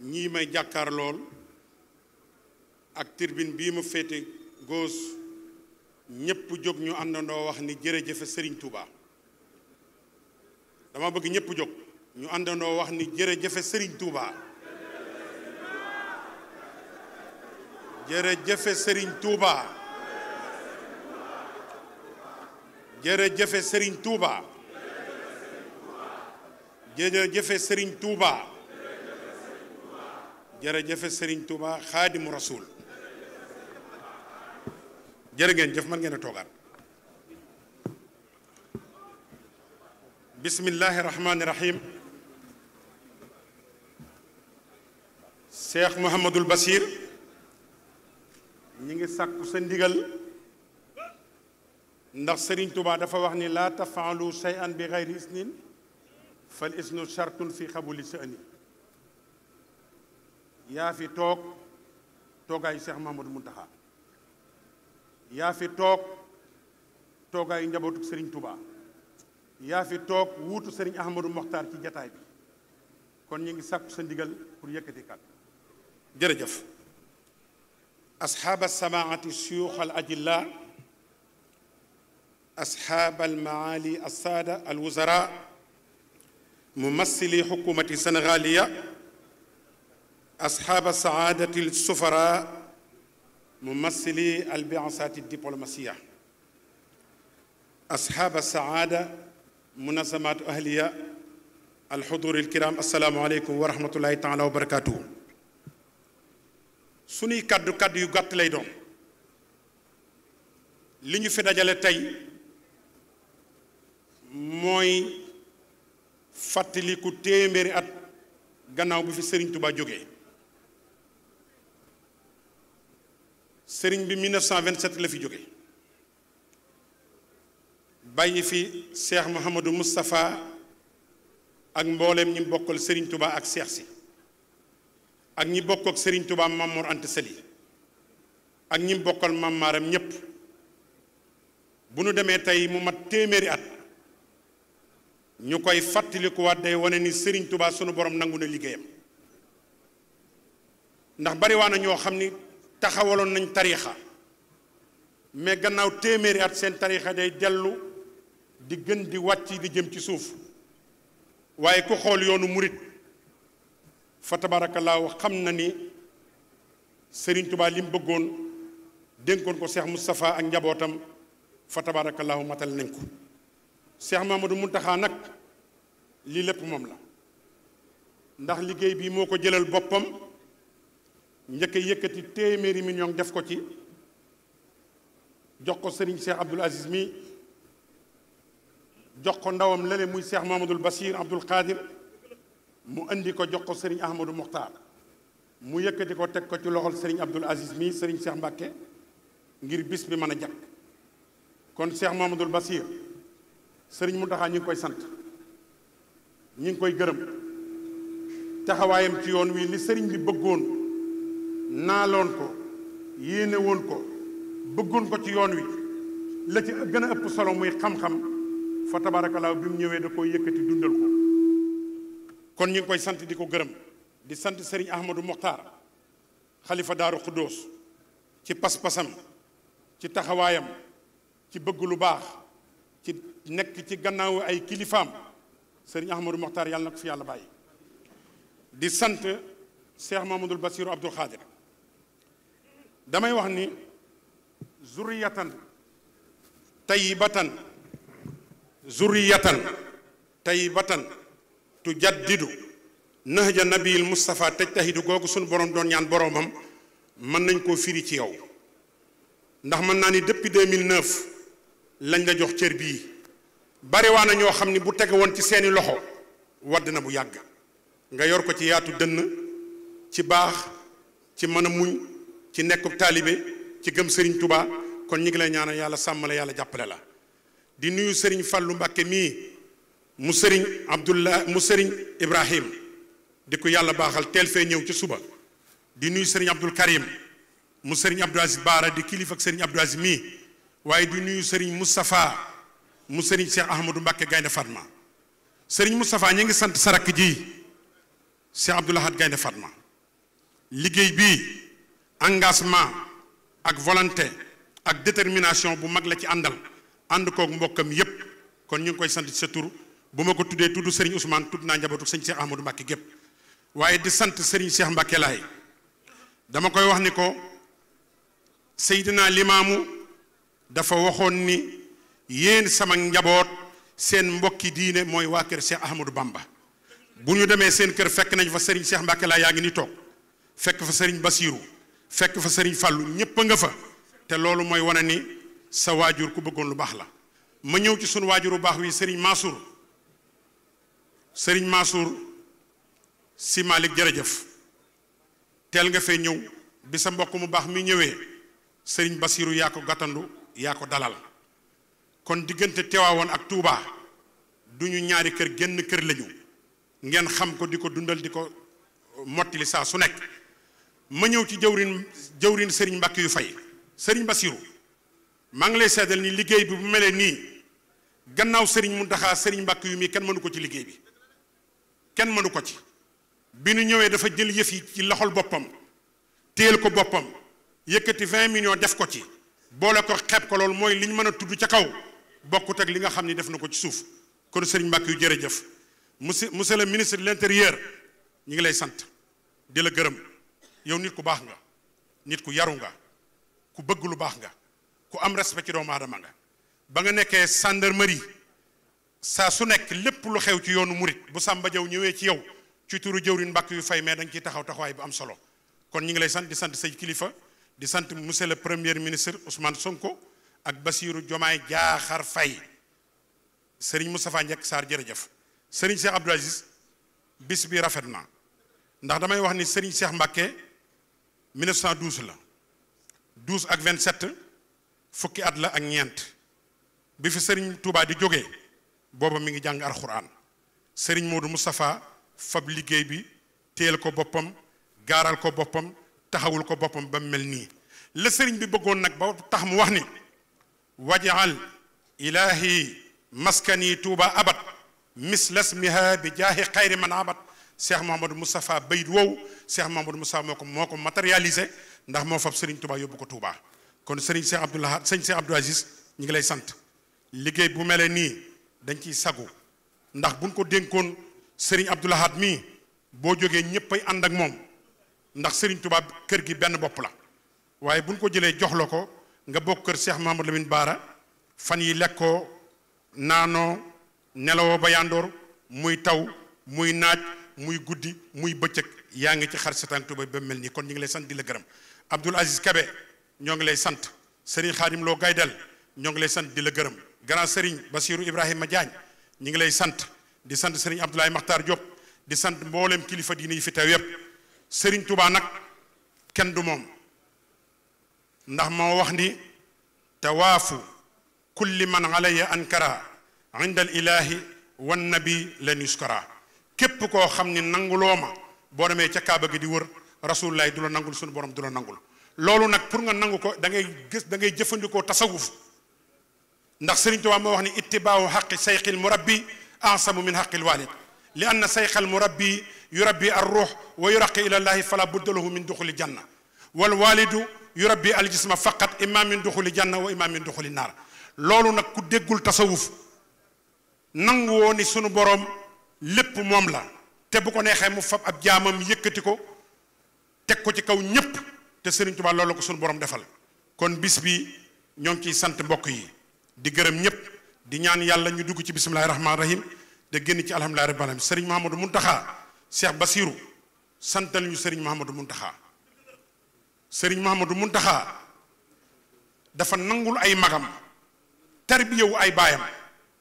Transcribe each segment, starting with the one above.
ñii may jàkkaar lool ak tirbin bii mu féete gauche ñépp jóg ñu àndandoo wax ni jërëjëfe sëriñ Touba dama bëgg ñépp jóg ñu àndandoo wax ni jërëjëfe sëriñ Touba jërëjëfe sëriñ Touba jërëjëfe sëriñ Touba jërëjëfe sëriñ Touba jërëjëfe sëriñ Touba xaadimu rasuul jërë ngeen jëf man ngeen a toogaat bismillahi rahmaani rahim Cheikh Mouhamadul Basir ñi ngi sàkku sa ndigal ndax sëriñ tubaa dafa wax ni laa tafaalu shay'an bi gayri isnin fal isnu shartun fi xabuli sha'ni yaafi fi toog toogaayu Cheikh Mahamadou Muntaxa yaa fi toog toogaayu njabootu Serigne Touba yaa fi toog wuutu Serigne Ahmadou Mokhtar ci jataay bi kon ñu ngi sàkku sa ndigal pour yëkkati kat jërëjëf asxaab alsamaati suyuux al ajilla asxaab almaali alsaada alwuzara mumassili xukumati sénégaliya أصحاب السعادة السفراء ممثلي البعثات الدبلوماسية أصحاب السعادة منظمات أهلية الحضور الكرام السلام عليكم ورحمة الله تعالى وبركاته sunuy kàddu kàddu yu gàtt lay doon li ñu fi dajale tey mooy fàttaliku téeméeri at gannaaw bu fi Serigne Touba jógee sëriñ bi 1927 la fi jóge bàyyi fi seex Mouhamadou Moustapha ak mbooleem ñi bokkal sëriñ Touba ak seex si ak ñi bokk sëriñ tubaa Mamour Anta Sali ak ñi bokkal Mam Maram ñépp bu ñu demee tey mu mat téeméeri at ñu koy fàttalikuwaat day wane ni sëriñ tubaa sunu borom nangu na liggéeyam ndax bari ñoo xam ni taxawaloon nañ tariixa mais gannaaw téeméeri at seen tariixa day dellu di gën di wàcc di jëm ci suuf waaye ku xool yoonu murit fa tabaarakallaahu xam na ni Sëriñ Tubaa li mu bëggoon dénkoon ko Seex Moustapha ak njabootam fa tabaarakallaahu matal nañ ko Seex Mamadou Muntaxaa nag lii lépp moom la ndax liggéey bi moo ko jëlal boppam njëkk a yëkkati téeméeri million def ko ci jox ko sëriñ Cheikh Abdoul Aziz mi jox ko ndawam lële muy Cheikh Mamadul Bachir Abdoul Qadir mu indi ko jox ko sëriñ Ahmadou Mokhtar mu yëkkati ko teg ko ci loxol sëriñ Abdoul Aziz mi sëriñ seex Mbacke ngir bis bi mën a jàkk kon Cheikh Mamadul Bachir sëriñ mu ñu ngi koy sant ñu ngi koy gërëm taxawaayam ci yoon wi li sëriñ bi bëggoon. naaloon ko yéene woon ko bëggoon ko ci yoon wi la ci gën a ëpp solo muy xam-xam fa tabaarakalaaw bi mu ñëwee da koo yëkkati dundal ko kon ñu ngi koy sant di ko gërëm di sant Serigne Ahmadou Mokhtar xalifa Daaru ci pas ci taxawaayam ci bëgg lu baax ci nekk ci gannaaw ay kilifaam Serigne Ahmadou Mokhtar yàlla na ko sant Cheikh Mamadou Bassirou Abdoul damay wax ni zurriyatan tayyibatan zurriyatan tayyibatan tujaddidu nahja mustafaa te tajtahidu googu suñu borom doon ñaan boromam mën nañ koo firi ci yow ndax mën naa ni depuis 2009 lañ la jox cër bii bari waa na ñoo xam ni bu teg woon ci seeni loxo wadd na bu yàgg nga yor ko ci yaatu dënn ci baax ci mëna a muñ ci nekkub taalibe ci gëm Serigne Touba kon ñu ngi lay ñaanal yàlla sàmmale yàlla jàppale la di nuyu Serigne Fallou Mbacke mii mu Serigne Abdullah mu Serigne Ibrahim di ko yàlla baaxal teel fee ñëw ci suba di nuyu Serigne Abdoul Karim mu Serigne Abdou Aziz Baara di kilifa ak Serigne Aziz mii waaye di nuyu sëriñ Moustapha mu Serigne Cheikh Ahmadou Mbacke Gaynde Fatma Serigne Moustapha ñu ngi sant sarak ji Cheikh Abdoul Ahad Gaynde Fatma liggéey bii. engagement ak volonté ak détermination bu mag la ci àndal ànd kook mbokkam yépp kon ñu ngi koy sant ci sa tur bu ma ko tuddee tudd Serigne Ousmane tudd naa njabootu sëñ Cheikh Ahmadou Mbacké gépp waaye di sant Serigne Cheikh Mbacké Laay dama koy wax ni ko Seydina Limaamu dafa waxoon ni yéen sama njaboot seen mbokki diine mooy waa kër Cheikh Ahmadou Bamba bu ñu demee seen kër fekk nañ fa Serigne Cheikh Mbacké Laay yaa ngi ni toog fekk fa Serigne Basirou fekk fa sëriñ fàllu ñépp a nga fa te loolu mooy wane ni sa waajur ku bëggoon lu baax la ma ñëw ci suñ waajur bu baax wii sëriñ Mansour sëriñ Mansour si Malick jërëjëf teel nga fee ñëw bi sa mbokk mu baax mi ñëwee sëriñ Basiiru yaa ko gàttandu yaa ko dalal kon diggante Tiwaawoon ak Tuubaa du ñu ñaari kër génn kër lañu ngeen xam ko di ko dundal di ko mottili saa su nekk ma ñëw ci jëwrin jëwrin sëriñ Mbàkke yu fay sëriñ Basiru maa ngi lay seddal ni liggéey bi bu melee nii gannaaw sëriñ Muntaxa sëriñ Mbàkke yu mii kenn mënu ko ci liggéey bi kenn mënu ko ci bi nu ñëwee dafa jël yëf yi ci loxol boppam téel ko boppam yëkkati 20 millions def ko ci boole ko xeeb ko loolu mooy li ñu mën a tudd ca kaw bokkut ak li nga xam ni def na ko ci suuf kon sëriñ Mbàkke yu jërëjëf monsieur monsieur le ministre de l'intérieur ñu ngi lay sant di la gërëm yow nit ku baax nga nit ku yaru nga ku bëgg lu baax nga ku am respect ci doomu aadama nga ba nga nekkee gendarmerie saa su nekk lépp lu xew ci yoonu murit bu Samba Jaw ñëwee ci yow ci turu jëwriñ mbàkk yu fay mais da nga taxaw taxawaay bu am solo kon ñu ngi lay sant di sant say kilifa di sant monsieur le premier ministre Ousmane Sonko ak Bassirou Diomaye Diakhar Faye Serigne Moustapha Ndiack Sarr jërëjëf Serigne Cheikh Abdou Aziz bis bi rafet na ndax damay wax ni Serigne Cheikh Mbacke 1912 la 12 ak 27 fukki at la ak ñeent bi fi sëriñ Touba di jógee booba mi ngi jàng alxuraan sëriñ Modou Moustapha fab liggéey bi téel ko boppam gaaral ko boppam taxawul ko boppam ba mel nii la sëriñ bi bëggoon nag ba tax mu wax ni wajaal ilaahi maskani tuuba abad mislas miha bi jaahi xayri man abad Cheikh Mouhamadou Moustapha bayit woowu Cheikh Mouhamadou Moustapha moo ko moo ko matérialisé ndax moo fab Serigne Touba yóbbu ko Touba kon Serigne Cheikh Abdoul Ahad Serigne Cheikh Abdou Aziz ñu ngi lay sant liggéey bu mel nii dañ ciy sagu ndax buñ ko dénkoon Serigne Abdoul mii boo jógee ñëpp ay ànd ak moom ndax Serigne Touba kër gi benn bopp la waaye buñ ko jëlee jox la ko nga bokk kër Cheikh Mouhamadou Lamine Baara fan yi lekkoo naanoo nelawoo ba yandoor muy taw muy naaj. muy guddi muy bëccëg yaa ngi ci xar setaan tuba ba mel nii kon ñu ngi lay sant di la gërëm Abdoul Aziz Kabe ñoo ngi lay sant Serigne Khadim Lo Gaydel ñoo ngi lay sant di la gërëm grand Serigne Bassirou ma Diagne ñu ngi lay sant di sant Serigne Abdoulaye Makhtar Diop di sant mboolem kilifa diine yi fi teew yépp Serigne Touba nag kenn du moom ndax moo wax ni tawaafu kulli man alayya ankara inda al ilahi wannabi lan yuskara képp koo xam ni nanguloo ma boo demee ca kaaba gi di wër rasulullah du la nangul suñu borom du la nangul loolu nag pour nga nangu ko da ngay gis da jëfandikoo tasawuf ndax Sëriñ Tuubaa moo wax ni ittibaahu xaqi sayqil murabbi ansamu min xaqil walid li anna sayqal murabbi yurabbi arruux wa yuraqi ila llahi fala budda lahu min duxuli janna wal walidu yurabbi aljisma faqat imma min duxuli janna wa imma min duxuli naar loolu nag ku déggul tasawuf nangu woo ni sunu boroom lépp moom la te bu ko neexee mu fab ab jaamam yëkkati ko teg ko ci kaw ñépp te Serigne Touba loolu ko suñu borom defal kon bis bi ñoo ngi ciy sant mbokk yi di gërëm ñëpp di ñaan yàlla ñu dugg ci bisimilah rahmaani rahim de génn ci alhamdulilah rabbil alamin Serigne Mahamadou Muntaxa Cheikh Basirou santal ñu Serigne Mahamadou Muntaxa Serigne Mahamadou Muntaxa dafa nangul ay magam tarbiyewu ay baayam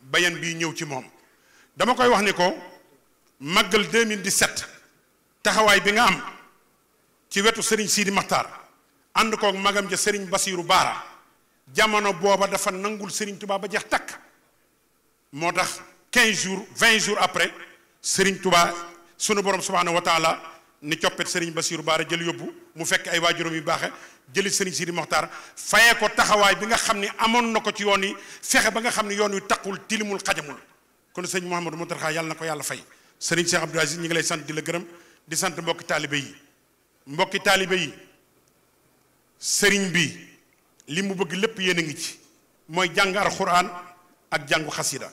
bayan bii ñëw ci moom. dama koy wax ni ko màggal 2017 taxawaay bi nga am ci wetu Serigne Sidi Maxtaar ànd kook magam ja Serigne Basiiru Baara jamono booba dafa nangul Serigne tubaa ba jeex takk moo tax 15 jours 20 jours après Serigne tubaa sunu borom subhaanahu wa taala ni coppet Serigne Basiiru Baara jël yóbbu mu fekk ay waajuram yu baaxe jëli Serigne Sidi Maxtaar fayee ko taxawaay bi nga xam ni amoon na ko ci yoon yi fexe ba nga xam ne yoon wi taqul tilimul xajamul. kon sëñ Mouhamadou Mountakha yàlla na ko yàlla fay sëriñ Cheikh Abdou Aziz ñu ngi lay sant di la gërëm di sant mbokki taalibe yi mbokki taalibe yi sëriñ bi li mu bëgg lépp yéen a ngi ci mooy jàng alxuraan ak jàngu xasida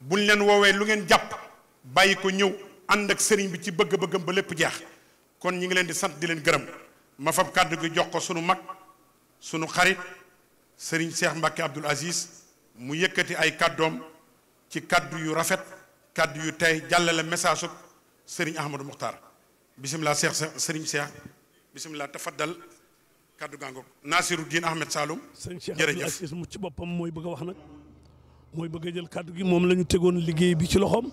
buñ leen woowee lu ngeen jàpp bàyyi ko ñëw ànd ak sëriñ bi ci bëgg-bëggam ba lépp jeex kon ñu ngi leen di sant di leen gërëm ma fab kàddu gi jox ko sunu mag sunu xarit sëriñ seex Mbacke Abdoul Aziz mu yëkkati ay kàddoom ci kaddu yu rafet kaddu yu tey jàllale message sub sëriñ Ahmadou Muxtaar bisimilah Cheikh sëriñ Cheikh bisimilah tafaddal kaddu gàngoog Nasiru Diin Ahmed Saloum. jërëjëf sëriñ Cheikh mu ci boppam mooy bëgg a wax nag mooy bëgg a jël kaddu gi moom lañu tegoon liggéey bi ci loxoom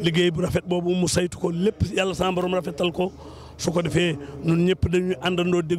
liggéey bu rafet boobu mu saytu ko lépp yàlla sama rafetal ko su ko defee ñun ñëpp dañuy àndandoo déglu.